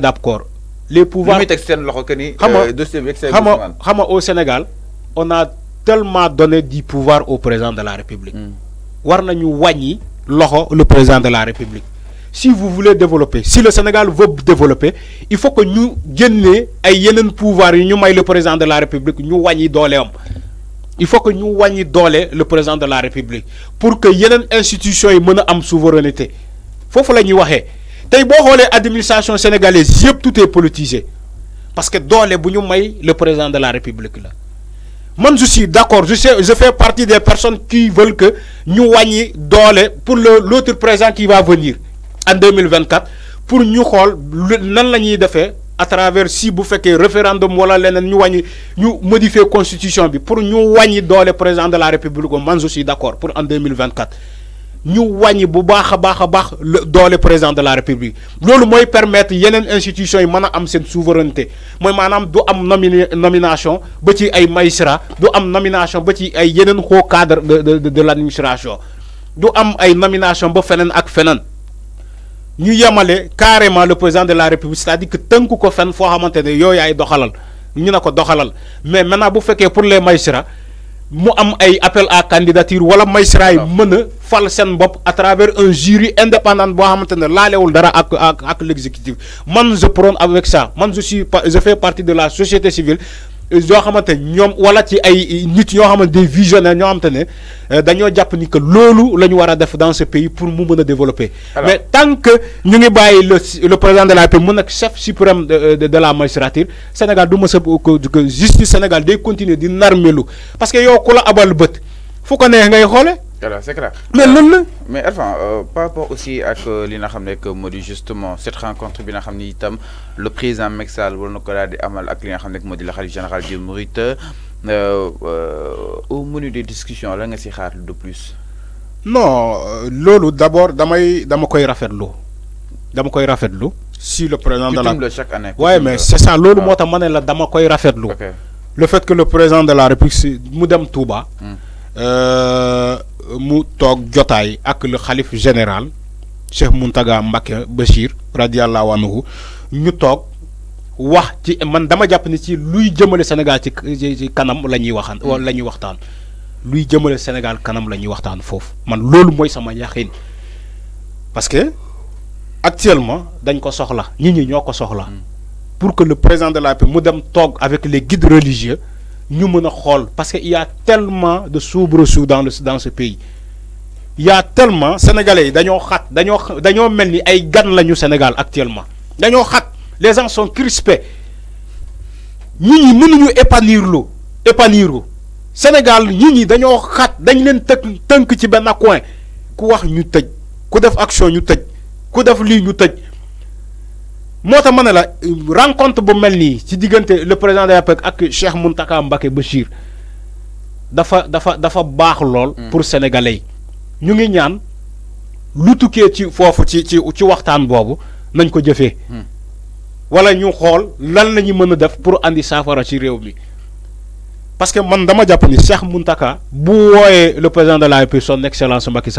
d'accord les pouvoirs euh, au Sénégal on a tellement donné du pouvoir au président de la République hmm. war nañu loxo le président de la République si vous voulez développer si le Sénégal veut développer il faut que nous génnee ay pouvoir nous ñu le président de la République ñu wàññi les il faut que nous wàññi le président de la République pour que yeneen institutions yi mën a am souveraineté tay bo xolé administration sénégalaise tout est politisé parce que dans les may le président de la république là. man je suis d'accord, je sais je fais partie des personnes qui veulent que ñu dans pour l'autre président qui va venir en 2024 pour ñu xol nan lañuy à travers si bu féké référendum wala lénen ñu wañi ñu constitution bi pour ñu wañi le président de la république man je suis d'accord pour en 2024 nous wàññi bu baax dans baax président de la république Nous mooy permettre y institutions yi mën a am souveraineté Nous avons du am nomination ba ci ay magistrat nomination ba ci ay cadre de de l'administration, administration du am ay nomination ba feneen ak Nous ñu carrément le président de la république c'est-à-dire que tant ko fenn avons fait ne yooyu nous avons ñu ne ko mais maintenant bu fekkee pour les maïsra mu am ay appel à candidature wala magistrat yi mën a fal à travers un jury indépendant boo xamante ne laalewul dara ak ak l'exécutif man je prends avec ça moi je suis je fais partie de la société civile yoo xamante ne ñoom wala ci ay nit ñoo xamante des visionnaires ñoo xamante ne euh, dañoo jàpp ni que loolu la ñu def dans ce pays pour mu mën a développer. mais tant que ñu ngi bàyyi le le président de la République mu nekk chef suprême de euh, de la magistrature Sénégal du mës a que justice Sénégal day continuer di narmelu parce que yow ku la abal bët fu ko neex ngay xoole voilà clair mais non mais Arfan euh, par rapport aussi à euh, li que xam que Modi, justement cette rencontre bien nga le président Macky Sall war amal ak li nga xam modi la général de euh, au menu des discussions la nga si de plus. non l'OLO d'abord, abord damay dama koy rafetlu dama koy l'eau si le président de la chaque année. mais c'est ça l'eau ah. moi mané la ne la dama koy l'eau le fait que le président de la république mu dem Touba. Hmm mu toog jotaay ak le xalif général Cheikh Mountaga Mbacké Bachir radiallahu anhu ñu toog wax ci man dama japp ni ci luy jëmale Sénégal ci ci kanam lañuy waxan waxaan mm. la ñuy waxtaan luy jëmale Sénégal kanam lañuy ñuy waxtaan foofu man loolu mooy sama yaxin parce que actuellement dañ ko soxla nit ñi ñoo ko soxla mm. pour que le président de la paix mu dem toog avec les guides religieux nous parce qu'il y a tellement de soubresauts dans dans ce pays il y a tellement sénégalais d'ailleurs xat Sénégal actuellement les gens sont crispés nous ñi mënuñu épanouir lu Sénégal nous ñi dañoo xat dañ leen tënk ci action moi tax la euh, rencontre bu melni ci diggante le président de la République ak Cheikh Mountakha Mbacké Bachir dafa dafa dafa bax lool. Mm. pour sénégalais ñu ngi ñaan lu tukkee ci fofu ci ci ci waxtaan boobu nañ ko jëfé mm. wala ñu xol lan lañu mëna def pour andi safara ci réew mi parce que man dama japp ni Cheikh Mountakha bu woyé le président de la République son excellence Macky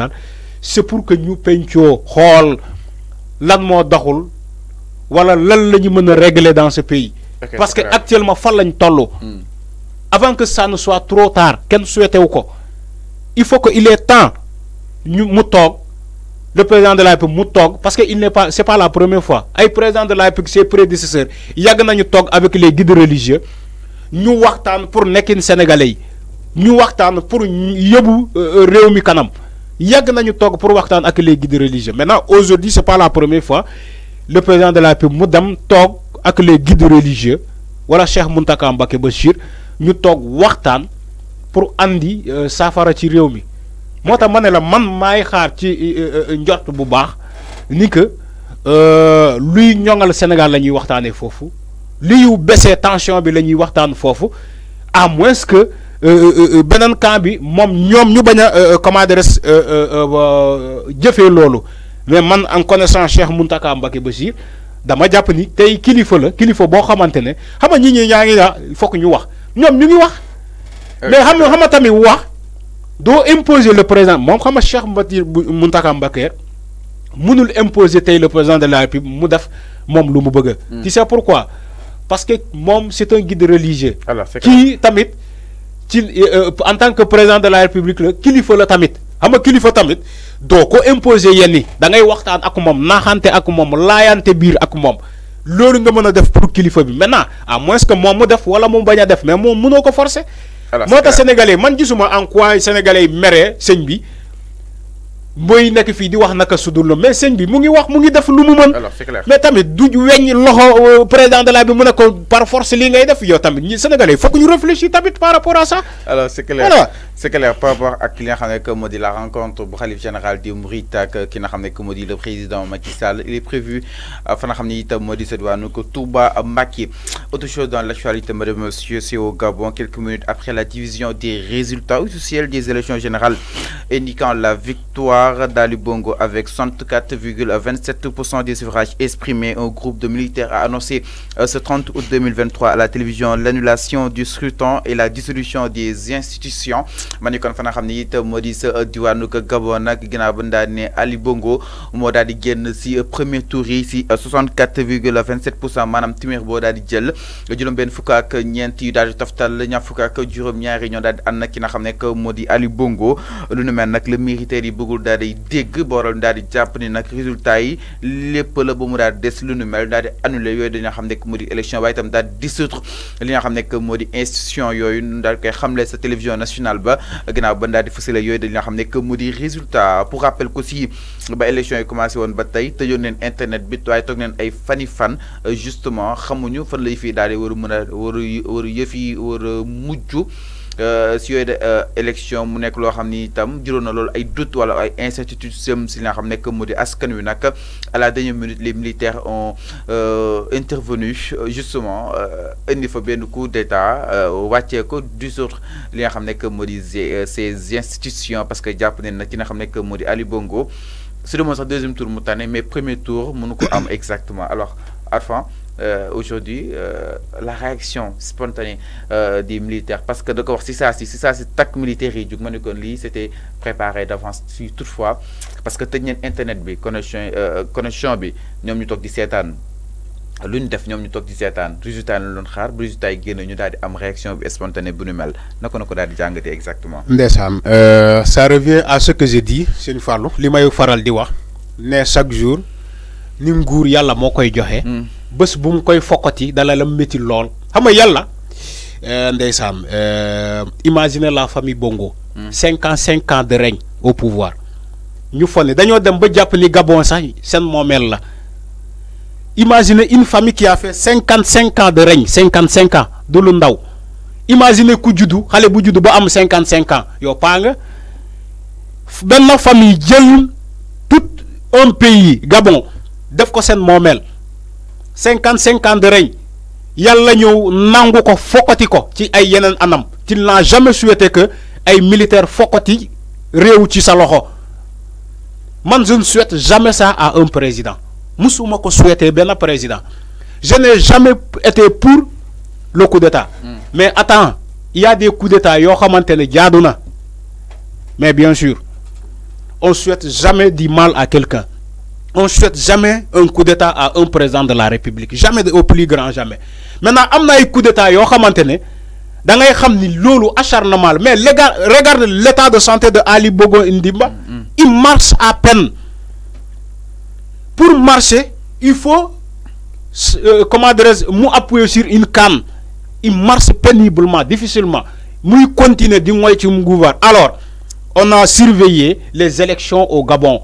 c'est pour que ñu pencho xol lan mo doxul. Voilà lan la dans ce pays. parce que actuellement fan lañ hmm. avant que ça ne soit trop tard qu'elle souhaité wu ko il faut que il est temps nous mu le président de la République mu parce que n'est pas c'est pas la première fois ay président de la République ses prédécesseurs yàgg nañu toog avec les guides religieux nous waxtaan pour nekkin sénégalais yi ñu waxtaan pour yóbbu euh, Il y kanam yàgg nañu toog pour waxtaan ak les guides religieux maintenant aujourd'hui c'est pas la première fois le président de la République mu dem toog ak les guides religieux wala Cheikh Mountakha Mbacké Bachir ñu Tok waxtaan pour andi euh, saafara ci réew mi moo tax ma ne la man maay xaar ci euh, euh, njort bu baax ni que luy ñoŋal Sénégal la ñuy waxtaanee foofu liy tension bi la ñuy Fofu. foofu à moins que beneen camp bi moom ñoom ñu bañ a comment dirais-je jëfee loolu mais man en connaissant Cheikh Muntaka Mbake Bachir dama japp ni tay kilifa la kilifa bo xamantene xama xam ñi ñi ñaa ngi ah fokk ñu wax ñom ñu ngi wax. Euh, mais xam xama euh, xam tamit wax do imposer le président mom xama Cheikh Mbati Mountakha mënul imposer tay le président de la République mu def mom lu mu bëgg hmm. tu sais pourquoi parce que mom c'est un guide religieux. Qui, tamit euh, en tant que président de la République lui kilifa la tamit. xam nga kilifa tamit doo ko imposer yenn yi da waxtaan ak moom naaxante ak moom laayante biir ak moom loolu nga mën a def pour kilifa bi maintenant à moins que moom mu def wala mu bañ a def mais moom munoo ko forcer. moo tax sénégalais man gisuma en quoi sénégalais yi meree sëñ bi mooy nekk fii di wax naka sudul la mais sëñ bi mu ngi wax mu ngi def lu mu mën. mais tamit du weñ loxo euh, président de la bi mën a ko par force lii ngay def yow tamit ñi sénégalais fokk ñu réfléchir tamit par rapport à ça. alors c'est c'est clair par rapport à li nga la rencontre du xalif général de Mouride qui ki le président Macky Sall il est prévu afin de ramener modi Touba autre chose dans l'actualité madame monsieur c'est au Gabon quelques minutes après la division des résultats officiels des élections générales indiquant la victoire d'Ali Bongo avec 64,27% des suffrages exprimés un groupe de militaires a annoncé euh, ce 30 août 2023 à la télévision l'annulation du scrutin et la dissolution des institutions ma kon fa na xamni ne it Gabon gina bu Ali Bongo mo daal génn si premier tour yi si 64 virgule 27 pour cent di jël juróom ben fukk ak ñent yu daal taftal toftal ak ñaari ñoo di ki modi Ali Bongo lu nu mel nak le militaire yi bëggul daal di dégg borol daal di jàpp ni nak résultat yi lepp la bu mu daal des lu mel daal di annulé yooyu xam ne moo élection waaye itam daal li nga xam modi institution institution yooyu daal koy xamlé sa télévision nationale la ginnaaw ba daal di yooyu dañ xam ne que mu di résultat pour rappel ko ba élection yi commencé woon ba tey tëjoon neen internet bi waaye toog neen ay fani fan justement xamuñu fan lay fii daal di war a mën a war a war a yëf war a mujj Euh, si yooyu de euh, élection mu nek lo xamni tam itam lol ay doute wala ay incertitude sëm si nga xam nekk modi askan wi nak à la dernière minute les militaires ont euh, intervenu justement indi fa ben coup d'état wàccee ko du sort li nga xam nekk modi ces institutions parce que japp ne nag ki nga xam nekk modi Ali Bongo seulement deuxième tour mu mais premier tour mënu ko am exactement alors Arfan euh, aujourd'hui euh, la réaction spontanée euh, des militaires parce que d'accord, si ça si ça c'est tac militaire du coup c'était préparé d'avance si toutefois parce que tenir internet bi connexion euh, connexion bi ñom ñu tok 17 ans lu ñu def ñoom ñu 17 ans résultat la doon xaar résultat yi génn ñu daal am réaction spontanée bu ñu mel nako nako ko daal di exactement. euh ça revient à ce que j'ai dit sëñ Fallou li may faral di wax ne chaque jour ni nguur yalla mo koy joxe. Hmm bés bu mu koy fokkati dala la métti lool xam nga yàlla euh, ndeysaan euh, imagine la famille Bongo. cinq ans cinq ans de règne au pouvoir ñu fon ne dañoo dem ba jàpp ni Gabon sax seen moomeel la imaginez une famille qui a fait cinquante cinq ans de règne cinquante cinq ans du lu ndaw imaginez ku juddu xale bu juddu ba am cinquante cinq ans yow paa nga benn famille jël tout un pays Gabon def ko seen moomeel. 55 ans de règne Il y nangu ko ko ci ay anam jamais souhaité que ay militaires fokkati rew ci sa je ne souhaite jamais ça à un président musuma ko bien le président je n'ai jamais été pour le coup d'état hmm. mais attends il y a des coups d'état yo xamantene mais bien sûr on souhaite jamais du mal à quelqu'un on ne souhaite jamais un coup d'état à un président de la république jamais au plus grand jamais maintenant y a un coup d'état da ngay xam ni mais regarde l'état de santé de Ali Bongo mm-hmm. il marche à peine pour marcher il faut euh, comment dirais appuyer sur une canne il marche péniblement difficilement muy continuer di moy alors on a surveillé les élections au Gabon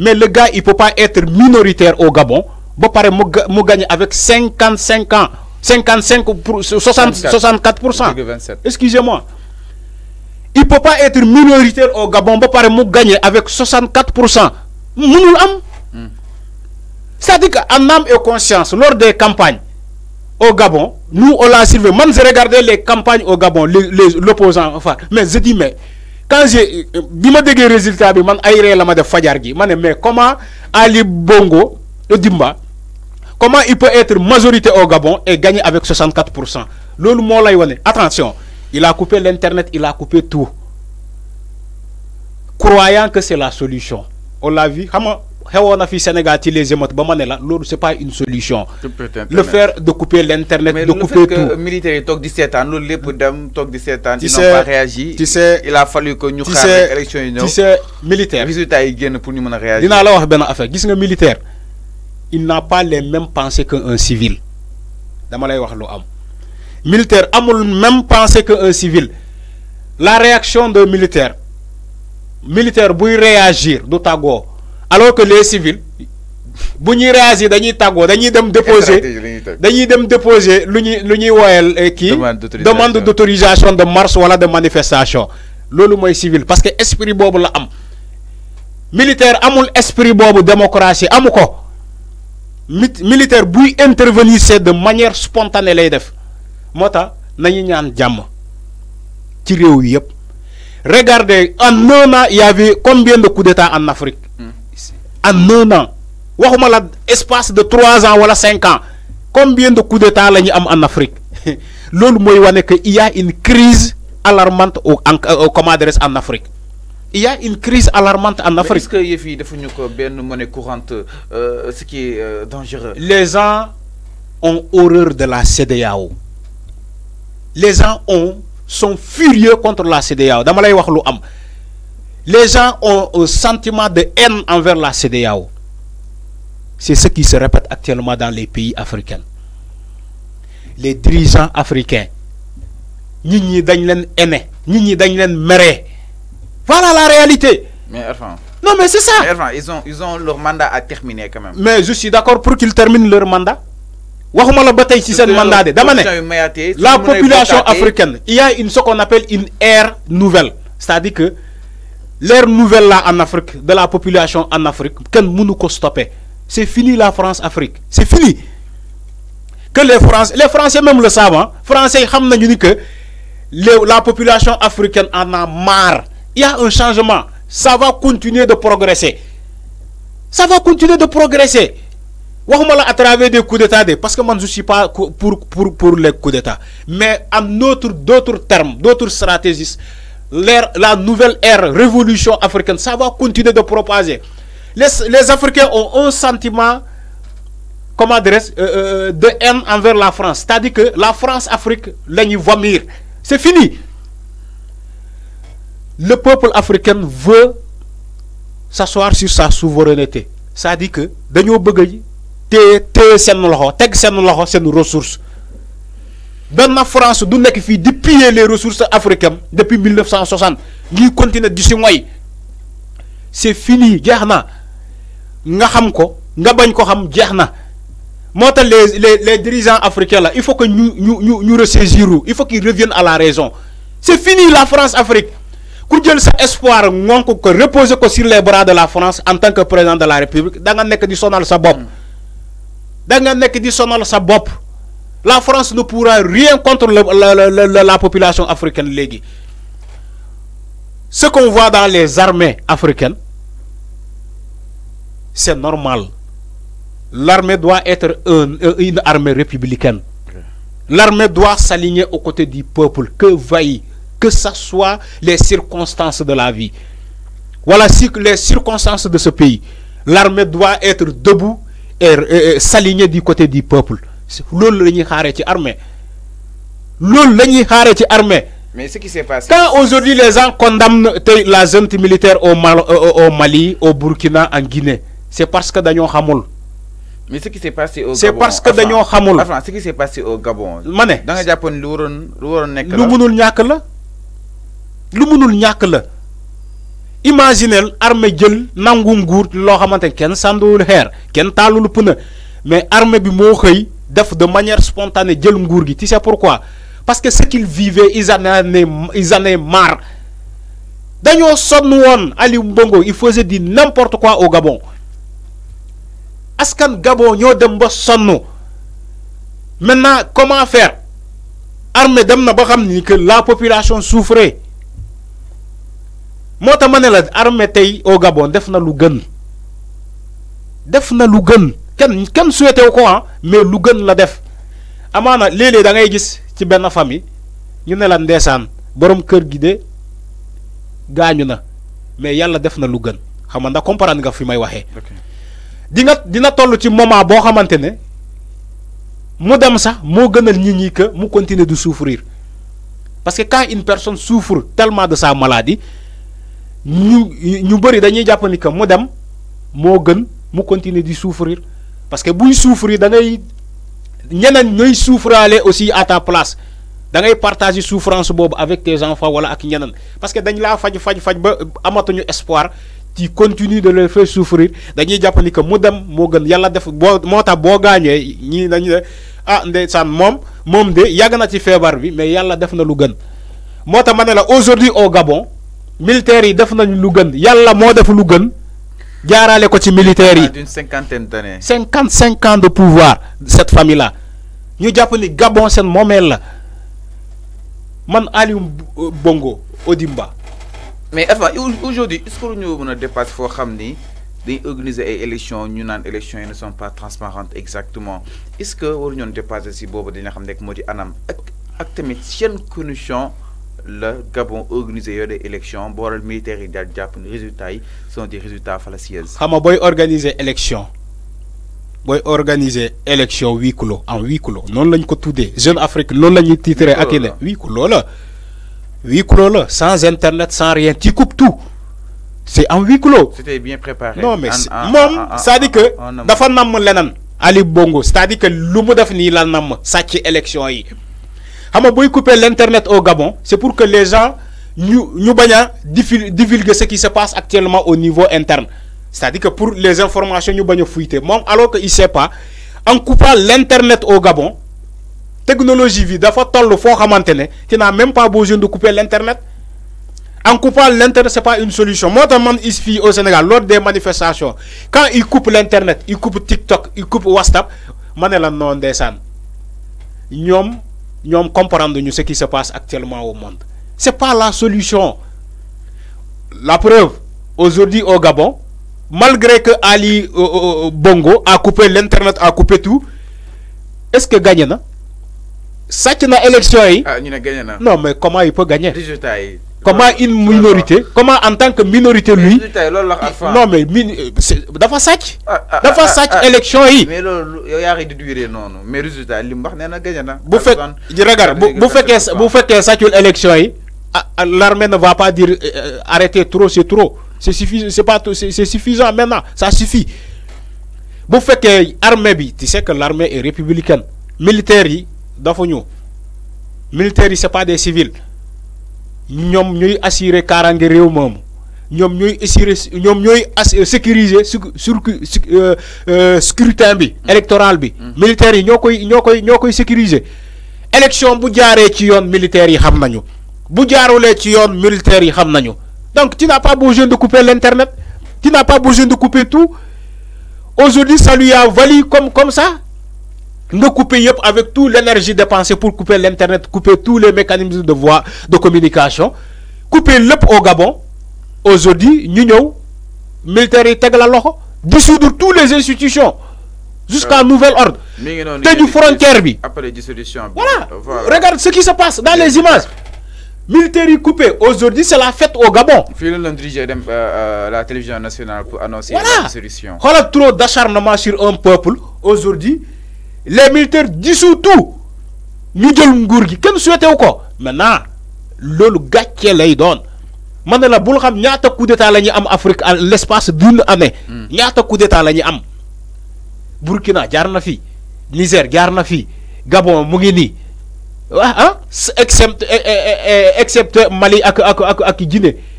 mais le gars, il peut pas être minoritaire au Gabon. Bon, peut pas gagner avec 55 ans. 55 64, Excusez-moi. Il peut pas être minoritaire au Gabon. Bon, peut pas gagner avec 64%. Hmm. C'est-à-dire qu'en âme et conscience, lors des campagnes au Gabon, nous, on l'a suivi. Moi, j'ai regardé les campagnes au Gabon, l'opposant, enfin, mais je dis, mais quand j'ai bima dégué résultat bi man ay ré la ma def fajar gi mais comment Ali Bongo le Dimba comment il peut être majorité au Gabon et gagner avec 64 lolou mo attention il a coupé l'internet il a coupé tout croyant que c'est la solution on l'a vu comment xewoon fi Sénégal ci les émeutes ba ma la lolu c'est pas une solution. le faire de couper l'internet de couper tout mais le fait que militaires yi toog di seetaan loolu lépp dem tok di seetaan. ils n'ont pas réagi. tu sais il a fallu que ñu xaar rek élection yi ñëw. tu sais militaire résultat yi génn pour ñu mën réagir. dina la wax ben affaire gis nga militaire il n'a pas les mêmes pensées qu'un civil dama lay wax lu am militaire amul même pensée qu'un civil la réaction de militaire militaire buy réagir du tàggoo alors que les civils bu ñuy réagir dañuy tàggoo dañuy dem déposer dañuy dem déposer lu ñuy woyal eh, demande d'autorisation de marche wala de manifestation loolu mooy civil parce que esprit boobu la am militaire amul esprit boobu démocratie amu ko militaire buy intervenir c'est de manière spontanée lay def moo tax nañu ñaan jàmm ci réew yëpp regardez en Nona, il y avait combien de coups d'état en Afrique en un an waxuma la espace de trois ans wala cinq ans combien de coups d'état lañu am en Afrique Lolu moy wone que il y a une crise alarmante au en euh, en Afrique il y a une crise alarmante en Afrique. est-ce que yëf defuñu ko ben monnaie courante euh, ce qui est euh, dangereux. les gens ont horreur de la CDAO. les gens ont sont furieux contre la CDAO. dama lay wax lu am. Les gens ont un sentiment de haine envers la CDAO. C'est ce qui se répète actuellement dans les pays africains. Les dirigeants africains, Ils dañ leen Voilà la réalité. non mais c'est ça. ils ont ils ont leur mandat à terminer quand même. Mais je suis d'accord pour qu'ils terminent leur mandat. la mandat la population africaine il y a une ce qu'on appelle une ère nouvelle c'est-à-dire que l'ère nouvelle là en Afrique, de la population en Afrique, qu'elle ne peut stopper. C'est fini la France-Afrique. C'est fini. Que les Français, les Français même le savent, hein. les Français savent que la population africaine en a marre. Il y a un changement. Ça va continuer de progresser. Ça va continuer de progresser. à travers des coups d'État, parce que moi je ne suis pas pour, pour, pour les coups d'État. Mais en d'autres termes, d'autres stratégies, la nouvelle ère, révolution africaine, ça va continuer de propager. Les, Africains ont un sentiment, comme adresse, euh, euh, de haine envers la France. C'est-à-dire que la France-Afrique, C'est fini. Le peuple africain veut s'asseoir sur sa souveraineté. C'est-à-dire que, de nous, c'est nos ressources la France du nek fi di les ressources africaines depuis 1960 ñuy continuer du c'est fini jehna na nga xam ko nga bañ ko xam les les dirigeants africains là il faut que nous ñu ñu ñu il faut qu'ils reviennent à la raison c'est fini la France Afrique ku jël sa espoir ngonk ko reposer ko sur les bras de la France en tant que président de la République da nga nek di sonal sa D'un da nga nek di sonal sa la France ne pourra rien contre la, population africaine. Ce qu'on voit dans les armées africaines, c'est normal. L'armée doit être euh, une, armée républicaine. L'armée doit s'aligner aux côtés du peuple, que vaille, que ce soit les circonstances de la vie. Voilà les circonstances de ce pays. L'armée doit être debout et s'aligner du côté du peuple loolu la ñuy xaaree ci armée loolu la ñuy xaaree ci armée mais ce qui s'est passé quand aujourd'hui les gens condamnent tey la junte militaire au euh, euh, au Mali au Burkina en Guinée c'est parce que dañoo xamul. mais ce qui s'est passé au Gabon c'est parce que dañoo xamul. avant ce qui s'est passé au Gabon. ma ne da nga jàppoon lu waroon lu waroon nekk lu mënul ñàkk la lu mënul ñàkk la. imaginel armée jël nangu nguur loo xamante ne kenn sànduwul xeer kenn taalul pneu mais armée bi moo xëy de manière spontanée Dieu nguur gi tu sais pourquoi parce que ce qu'ils vivaient ils en avaient ils en avaient marre dañoo sonn Mbongo il faisait du n'importe quoi au Gabon askan Gabon ño dem ba sonn maintenant comment faire armée dem na ba que la population souffrait mota manela dit armée tay au Gabon def na lu gën def na lu gën souhaité ah, mais lu la def amana lélé da ngay gis ci famille ñu ne borom kër gi de mais yalla def na lu gën xam nga comprendre nga fi may dina tollu ci moment bo mu dem sax mo gënal nit mu de souffrir parce que quand une personne souffre tellement de sa maladie ñu ñu bari dañuy ni mu dem souffrir parce que buy souffrir da ngay ñeneen ñooy souffraale aussi à ta place da ngay partager souffrance bob avec tes enfants wala ak ñeneen parce que dañ laa faj faj faj ba amatuñu espoir ci continue de le faire souffrir dañuy jàpp ni que mu dem moo gën yàlla def boo moo tax boo gaañee ñii dañu ne ah ndeysaan moom moom de yàgg na ci feebar bi mais yàlla def na lu gën moo tax ma ne la aujourd'hui au Gabon militaire yi def nañ lu gën yàlla moo def lu gën jaaraale ko ci militaires d'une cinquantaine d'années 55 ans de pouvoir cette famille là ñu jàpp ni Gabon un moment là man Ali Bongo Odimba. mais enfin aujourd'hui est-ce que nous avons a pour foo d'organiser ni organiser élections ñu élections ne sont pas transparentes exactement est-ce que waruñoon dépasser si Bobo de xam Modi anam ak ak tamit seen condition le Gabon organisé des élections boo militaire militaires yi résultats sont des résultats fallacieux. xam boy organiser élection Boy organiser élection huis clos en huis clos noonu lañ ko des Jeune Afrique Non, la ñuy titré ak i ne clos clos sans internet sans rien tu coupes tout c'est en huis clos. c'était bien préparé. non mais ça ça dit que dafa namm leneen. Ali Bongo c'est-à-dire que lu mu def nii la namm sàcc élection yi. Si on couper l'internet au Gabon c'est pour que les gens ñu divulguent divulguer ce qui se passe actuellement au niveau interne c'est-à-dire que pour les informations ñu bañ alors que il sait pas en coupant l'internet au Gabon technologie vide. dafa n'y a tu n'as même pas besoin de couper l'internet en coupant l'internet c'est pas une solution Moi, je suis au Sénégal lors des manifestations quand ils coupent l'internet ils coupent TikTok ils coupent WhatsApp je ne la nous comprendre ce qui se passe actuellement au monde c'est pas la solution la preuve aujourd'hui au Gabon malgré que Ali euh, euh, Bongo a coupé l'internet a coupé tout est-ce que gagné sàcc na élection yi. ah ñu gagné na. non mais comment il peut gagner. résultat yi. comment une minorité. comment en tant que minorité lui. résultat yi non mais min dafa sàcc. Ah, ah, ah, dafa sàcc élection yi. mais loolu yow yaa ngi déduire noonu mais résultat li mu wax nee na gagné na. bu je regarde bu bu fekkee bu fekkee que élection yi. l'armée ne va pas dire euh, euh, arrêtez trop c'est trop c'est suffisant c'est pas c'est suffisant maintenant ça suffit bu fekkee armée bi tu sais que l'armée est républicaine militaire yi dafa militaire militaires c'est pas des civils ñom ñuy assurer kaaraange réew mom ñom ñuy assurer ñom ñooy euh, sécuriser sur sur euh, euh, scrutin bi. Mm. électoral bi. Mm. militaire yi ñokoy ñokoy ñoo sécuriser. élection bu jaaré ci yoon militaire yi xam nañu bu jaarulé ci yoon militaires yi xam nañu donc tu n'as pas besoin de couper l'internet tu n'as pas besoin de couper tout aujourd'hui ça lui a valu comme comme ça. Nous couper avec toute l'énergie dépensée pour couper l'internet couper tous les mécanismes de voix de communication couper le au Gabon aujourd'hui nous militaire militaire. la dissoudre tous les institutions jusqu'à euh, nouvel ordre Après frontière dissolution. voilà regarde ce qui se passe dans les images Militaire coupé aujourd'hui c'est la fête au Gabon la euh, euh, la télévision nationale pour annoncer la dissolution Voilà trop d'acharnement sur un peuple aujourd'hui les militaires dissous tout ñu jël nguur gi kenn souhaité wu ko maintenant loolu gàccee lay doon man ne la bul xam ñaata coup d'état la ñuy am Afrique en l' espace d' une année. Hmm. ñaata coup la ñuy am. Burkina jaar na fi Niger jaar na fi Gabon mu ngi nii ah ah excepté eh, eh, eh, Mali ak ak ak ak